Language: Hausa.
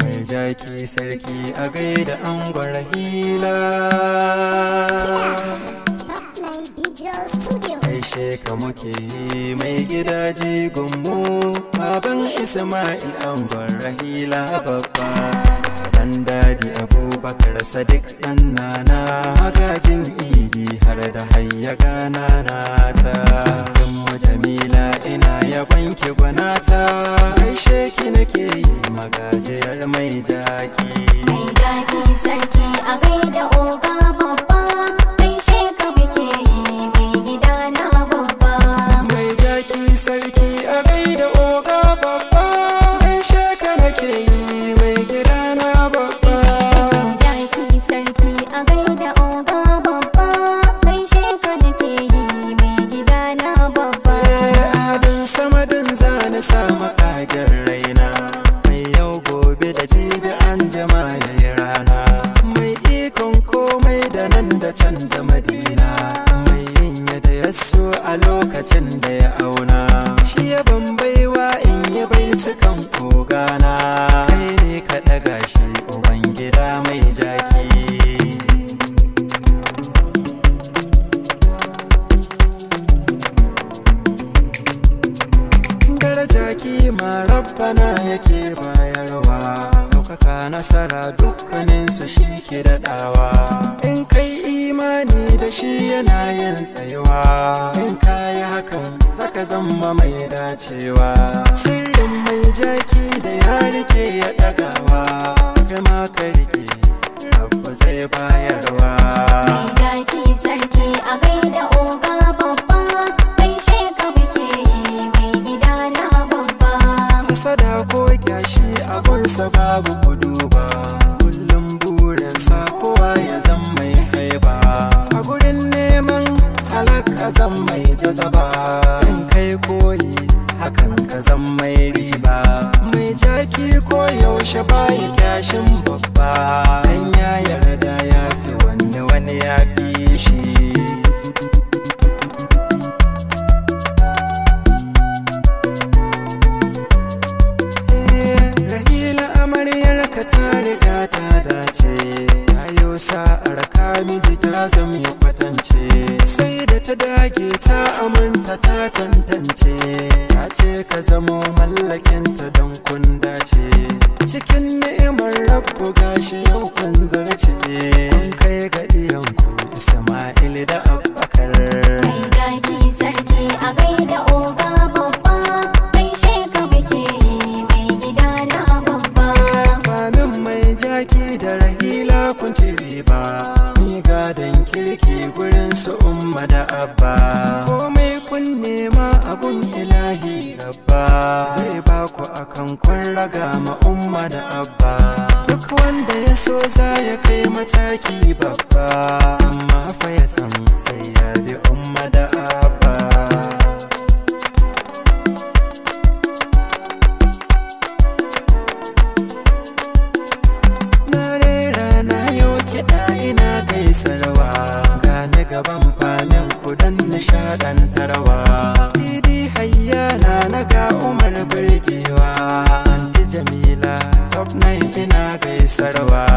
mai jaki sarki a gaida an hila aishe ka muke yi mai gidaji gummu baban isma'il an hila babba dan dadi abu bakar duk ɗannana magajin idi har da hayyaga nana ta zama jamila ina yaban ki ta gaishe ki nake yi magajiyar mai jaki mai jaki sarki a gaida oga na sa makagen raina mai yau gobe da jibi an yayi ya yi rana mai ikon komai da nan da can da madina mai yin ya da a lokacin da ya auna shi ya bambaiwa in yi baitukan bana yake bayarwa ɗaukaka nasara dukkaninsu shi ke daɗawa in kai imani da shi yana yin tsayuwa in kayi hakan zaka zama mai dacewa sirrin mai jaki da ya rike ya ɗagawa ga ka rike abu zai ba ka mai jazaba in kai koyi hakan ka mai riba mai jaki ko yaushe baya kyashin babba dan ya yarda ya fi wani wani ya fi ta dage ta aminta ta tantance ta ce ka zamo mallakinta don kun dace cikin ni'imar rabu gashi yau kun zarce kun kai ga iyanku isma'il da abakar sarki a gaida hila kun ci riba ni gadon kirki gurin su umma da abba komai kun nema abun ilahi rabba zai ba ku akan kun raga ma umma da abba duk wanda ya so za ya kai mataki babba amma fa ya san sai ya bi umma da abba gaban fanin kudan nishadan zarawa didi hayya na ga umar birgewa anti jamila top 9 ina gaisarwa